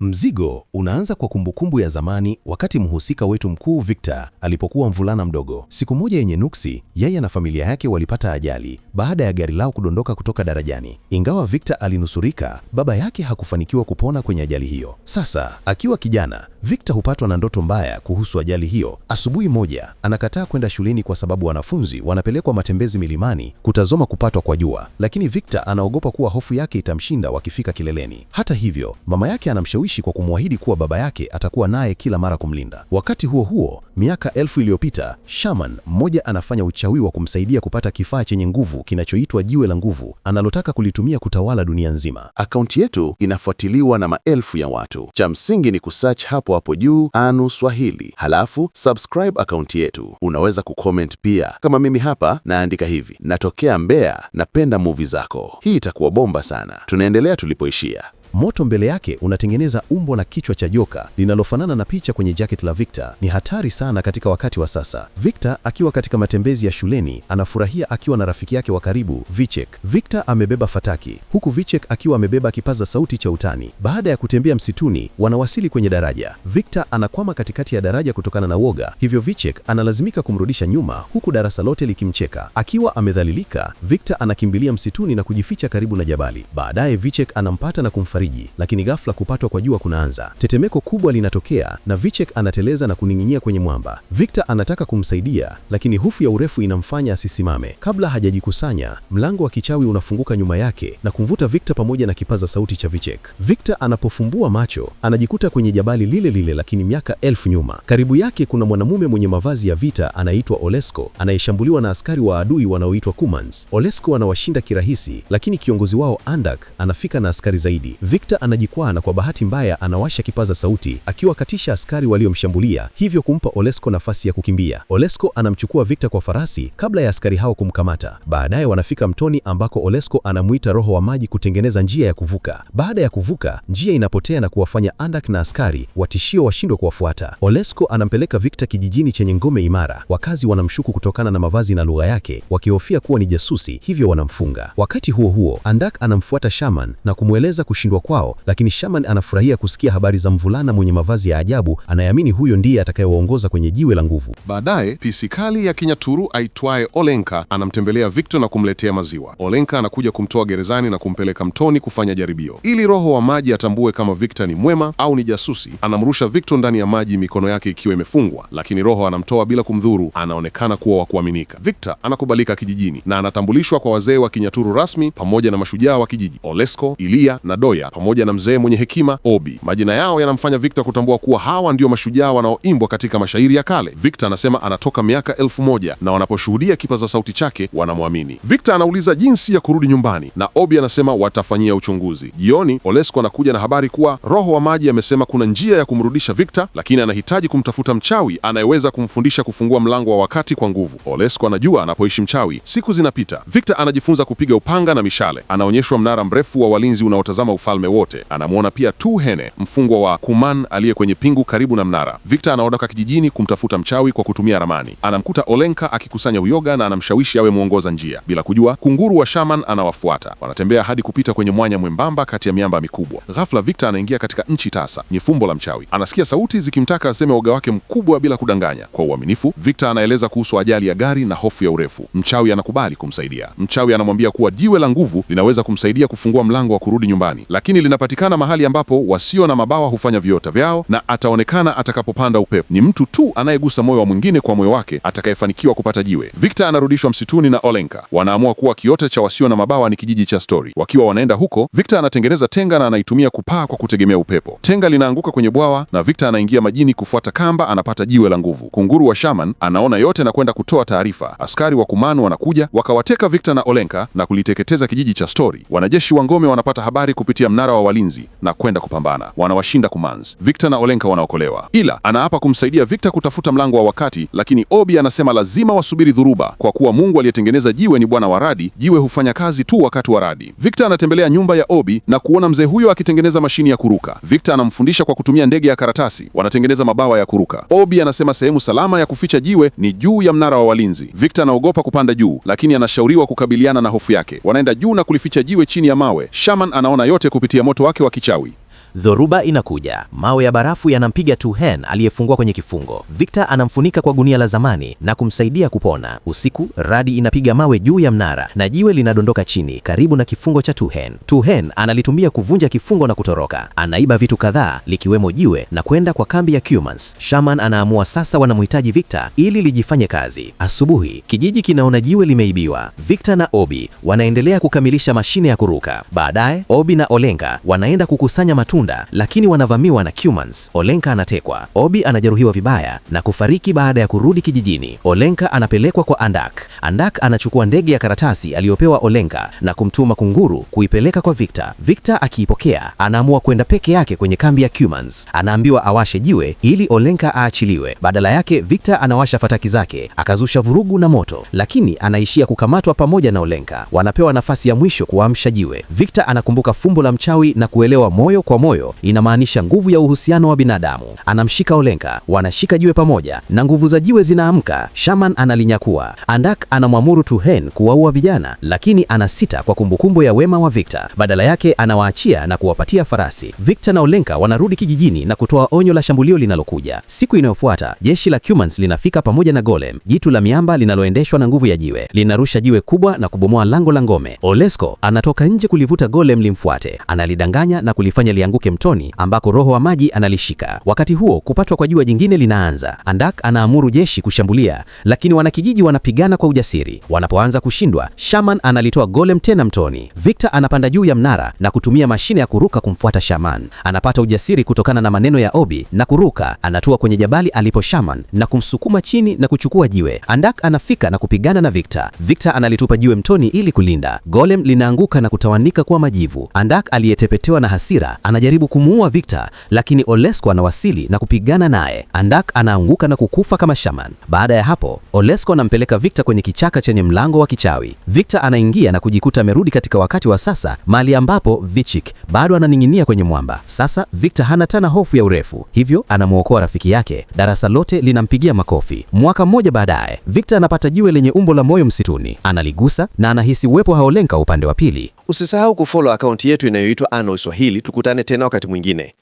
Mzigo unaanza kwa kumbukumbu ya zamani, wakati mhusika wetu mkuu Victor alipokuwa mvulana mdogo. Siku moja yenye nuksi, yeye na familia yake walipata ajali baada ya gari lao kudondoka kutoka darajani. Ingawa Victor alinusurika, baba yake hakufanikiwa kupona kwenye ajali hiyo. Sasa akiwa kijana, Victor hupatwa na ndoto mbaya kuhusu ajali hiyo. Asubuhi moja, anakataa kwenda shuleni kwa sababu wanafunzi wanapelekwa matembezi milimani kutazoma kupatwa kwa jua, lakini Victor anaogopa kuwa hofu yake itamshinda wakifika kileleni. Hata hivyo, mama yake anamshauri kumshawishi kwa kumwahidi kuwa baba yake atakuwa naye kila mara kumlinda. Wakati huo huo, miaka elfu iliyopita, shaman mmoja anafanya uchawi wa kumsaidia kupata kifaa chenye nguvu kinachoitwa jiwe la nguvu analotaka kulitumia kutawala dunia nzima. Akaunti yetu inafuatiliwa na maelfu ya watu. Cha msingi ni kusearch hapo hapo juu Anu Swahili, halafu subscribe akaunti yetu. Unaweza kucomment pia, kama mimi hapa naandika hivi: natokea Mbeya, napenda movie zako. Hii itakuwa bomba sana. Tunaendelea tulipoishia. Moto mbele yake unatengeneza umbo la kichwa cha joka linalofanana na picha kwenye jacket la Victor. Ni hatari sana katika wakati wa sasa. Victor akiwa katika matembezi ya shuleni anafurahia akiwa na rafiki yake wa karibu Vichek. Victor amebeba fataki huku Vichek akiwa amebeba kipaza sauti cha utani. Baada ya kutembea msituni, wanawasili kwenye daraja. Victor anakwama katikati ya daraja kutokana na woga, hivyo Vichek analazimika kumrudisha nyuma huku darasa lote likimcheka. Akiwa amedhalilika, Victor anakimbilia msituni na kujificha karibu na jabali. Baadaye Vichek anampata na kumfanya kumfariji, lakini ghafla kupatwa kwa jua kunaanza. Tetemeko kubwa linatokea na Vichek anateleza na kuning'inia kwenye mwamba. Victor anataka kumsaidia, lakini hofu ya urefu inamfanya asisimame. Kabla hajajikusanya, mlango wa kichawi unafunguka nyuma yake na kumvuta Victor pamoja na kipaza sauti cha Vichek. Victor anapofumbua macho, anajikuta kwenye jabali lile lile, lakini miaka elfu nyuma. Karibu yake kuna mwanamume mwenye mavazi ya vita anaitwa Olesko, anayeshambuliwa na askari wa adui wanaoitwa Kumans. Olesko anawashinda kirahisi, lakini kiongozi wao Andak anafika na askari zaidi. Victor anajikwaa na kwa bahati mbaya anawasha kipaza sauti akiwakatisha askari waliomshambulia, hivyo kumpa Olesko nafasi ya kukimbia. Olesko anamchukua Victor kwa farasi kabla ya askari hao kumkamata. Baadaye wanafika mtoni ambako Olesko anamuita roho wa maji kutengeneza njia ya kuvuka. Baada ya kuvuka, njia inapotea na kuwafanya Andak na askari watishio washindwe kuwafuata. Olesko anampeleka Victor kijijini chenye ngome imara. Wakazi wanamshuku kutokana na mavazi na lugha yake, wakihofia kuwa ni jasusi, hivyo wanamfunga. Wakati huo huo, Andak anamfuata Shaman na kumweleza kushindwa kushindwa kwao, lakini Shaman anafurahia kusikia habari za mvulana mwenye mavazi ya ajabu anayeamini huyo ndiye atakayewaongoza kwenye jiwe la nguvu. Baadaye pisi kali ya kinyaturu aitwaye Olenka anamtembelea Victor na kumletea maziwa. Olenka anakuja kumtoa gerezani na kumpeleka mtoni kufanya jaribio ili roho wa maji atambue kama Victor ni mwema au ni jasusi. Anamrusha Victor ndani ya maji, mikono yake ikiwa imefungwa, lakini roho anamtoa bila kumdhuru. Anaonekana kuwa wa kuaminika. Victor anakubalika kijijini na anatambulishwa kwa wazee wa kinyaturu rasmi pamoja na mashujaa wa kijiji Olesko, Ilia na Doya pamoja na mzee mwenye hekima Obi. Majina yao yanamfanya Victor kutambua kuwa hawa ndio mashujaa wanaoimbwa katika mashairi ya kale. Victor anasema anatoka miaka elfu moja na wanaposhuhudia kipaza sauti chake wanamwamini. Victor anauliza jinsi ya kurudi nyumbani na Obi anasema watafanyia uchunguzi. Jioni, Olesko anakuja na habari kuwa roho wa maji amesema kuna njia ya kumrudisha Victor, lakini anahitaji kumtafuta mchawi anayeweza kumfundisha kufungua mlango wa wakati kwa nguvu. Olesko anajua anapoishi mchawi. Siku zinapita, Victor anajifunza kupiga upanga na mishale. Anaonyeshwa mnara mrefu wa walinzi unaotazama ufalme wafalme wote. Anamwona pia tu hene mfungwa wa Kuman aliye kwenye pingu karibu na mnara. Victor anaondoka kijijini kumtafuta mchawi kwa kutumia ramani. Anamkuta Olenka akikusanya uyoga na anamshawishi awe mwongoza njia. Bila kujua, kunguru wa shaman anawafuata. Wanatembea hadi kupita kwenye mwanya mwembamba kati ya miamba mikubwa. Ghafla Victor anaingia katika nchi tasa, ni fumbo la mchawi. Anasikia sauti zikimtaka aseme woga wake mkubwa bila kudanganya. Kwa uaminifu, Victor anaeleza kuhusu ajali ya gari na hofu ya urefu. Mchawi anakubali kumsaidia. Mchawi anamwambia kuwa jiwe la nguvu linaweza kumsaidia kufungua mlango wa kurudi nyumbani, lakini lakini linapatikana mahali ambapo wasio na mabawa hufanya viota vyao, na ataonekana atakapopanda upepo. Ni mtu tu anayegusa moyo wa mwingine kwa moyo wake atakayefanikiwa kupata jiwe. Victor anarudishwa msituni na Olenka, wanaamua kuwa kiota cha wasio na mabawa ni kijiji cha Story. Wakiwa wanaenda huko, Victor anatengeneza tenga na anaitumia kupaa kwa kutegemea upepo. Tenga linaanguka kwenye bwawa na Victor anaingia majini kufuata kamba, anapata jiwe la nguvu. Kunguru wa shaman anaona yote na kwenda kutoa taarifa. Askari wa Kumanu wanakuja wakawateka Victor na Olenka na kuliteketeza kijiji cha Story. Wanajeshi wa ngome wanapata habari kupitia mnara wa walinzi na kwenda kupambana. Wanawashinda kumanz Victor na Olenka wanaokolewa, ila anaapa kumsaidia Victor kutafuta mlango wa wakati, lakini Obi anasema lazima wasubiri dhuruba, kwa kuwa Mungu aliyetengeneza jiwe ni bwana wa radi. Jiwe hufanya kazi tu wakati wa radi. Victor anatembelea nyumba ya Obi na kuona mzee huyo akitengeneza mashini ya kuruka. Victor anamfundisha kwa kutumia ndege ya karatasi, wanatengeneza mabawa ya kuruka. Obi anasema sehemu salama ya kuficha jiwe ni juu ya mnara wa walinzi. Victor anaogopa kupanda juu, lakini anashauriwa kukabiliana na hofu yake. Wanaenda juu na kulificha jiwe chini ya mawe. Shaman anaona yote kupitia kupitia moto wake wa kichawi. Dhoruba inakuja, mawe ya barafu yanampiga Tuhen aliyefungwa kwenye kifungo. Victor anamfunika kwa gunia la zamani na kumsaidia kupona. Usiku radi inapiga mawe juu ya mnara na jiwe linadondoka chini karibu na kifungo cha Tuhen. Tuhen analitumia kuvunja kifungo na kutoroka. Anaiba vitu kadhaa likiwemo jiwe na kwenda kwa kambi ya Cumans. Shaman anaamua sasa wanamhitaji Victor ili lijifanye kazi. Asubuhi kijiji kinaona jiwe limeibiwa. Victor na Obi wanaendelea kukamilisha mashine ya kuruka. Baadaye Obi na Olenga wanaenda kukusanya matunda matunda, lakini wanavamiwa na Cumans. Olenka anatekwa, Obi anajeruhiwa vibaya na kufariki baada ya kurudi kijijini. Olenka anapelekwa kwa Andak. Andak anachukua ndege ya karatasi aliyopewa Olenka na kumtuma kunguru kuipeleka kwa Victor. Victor akiipokea, anaamua kwenda peke yake kwenye kambi ya Cumans. Anaambiwa awashe jiwe ili Olenka aachiliwe. Badala yake, Victor anawasha fataki zake, akazusha vurugu na moto, lakini anaishia kukamatwa pamoja na Olenka. Wanapewa nafasi ya mwisho kuamsha jiwe. Victor anakumbuka fumbo la mchawi na kuelewa moyo kwa moyo moyo inamaanisha nguvu ya uhusiano wa binadamu. Anamshika Olenka, wanashika jiwe pamoja na nguvu za jiwe zinaamka. Shaman analinyakua. Andak anamwamuru Tuhen kuwaua vijana, lakini anasita kwa kumbukumbu ya wema wa Victor. Badala yake anawaachia na kuwapatia farasi. Victor na Olenka wanarudi kijijini na kutoa onyo la shambulio linalokuja. Siku inayofuata jeshi la Cumans linafika pamoja na Golem, jitu la miamba linaloendeshwa na nguvu ya jiwe. Linarusha jiwe kubwa na kubomoa lango la ngome. Olesko anatoka nje kulivuta Golem limfuate, analidanganya na kulifanya lianguka waanguke mtoni ambako roho wa maji analishika. Wakati huo kupatwa kwa jua jingine linaanza. Andak anaamuru jeshi kushambulia, lakini wanakijiji wanapigana kwa ujasiri. Wanapoanza kushindwa, Shaman analitoa golem tena mtoni. Victor anapanda juu ya mnara na kutumia mashine ya kuruka kumfuata Shaman. Anapata ujasiri kutokana na maneno ya Obi na kuruka, anatua kwenye jabali alipo Shaman na kumsukuma chini na kuchukua jiwe. Andak anafika na kupigana na Victor. Victor analitupa jiwe mtoni ili kulinda. Golem linaanguka na kutawanika kuwa majivu. Andak aliyetepetewa na hasira anaja anajaribu kumuua Victor, lakini Olesko anawasili na kupigana naye. Andak anaanguka na kukufa kama shaman. Baada ya hapo, Olesko anampeleka Victor kwenye kichaka chenye mlango wa kichawi. Victor anaingia na kujikuta amerudi katika wakati wa sasa, mahali ambapo Vichik bado ananing'inia kwenye mwamba. Sasa Victor hana tena hofu ya urefu, hivyo anamwokoa rafiki yake. Darasa lote linampigia makofi. Mwaka mmoja baadaye, Victor anapata jiwe lenye umbo la moyo msituni, analigusa na anahisi uwepo haolenka upande wa pili. Usisahau kufollow akaunti yetu inayoitwa Anoli Swahili. Tukutane tena wakati mwingine.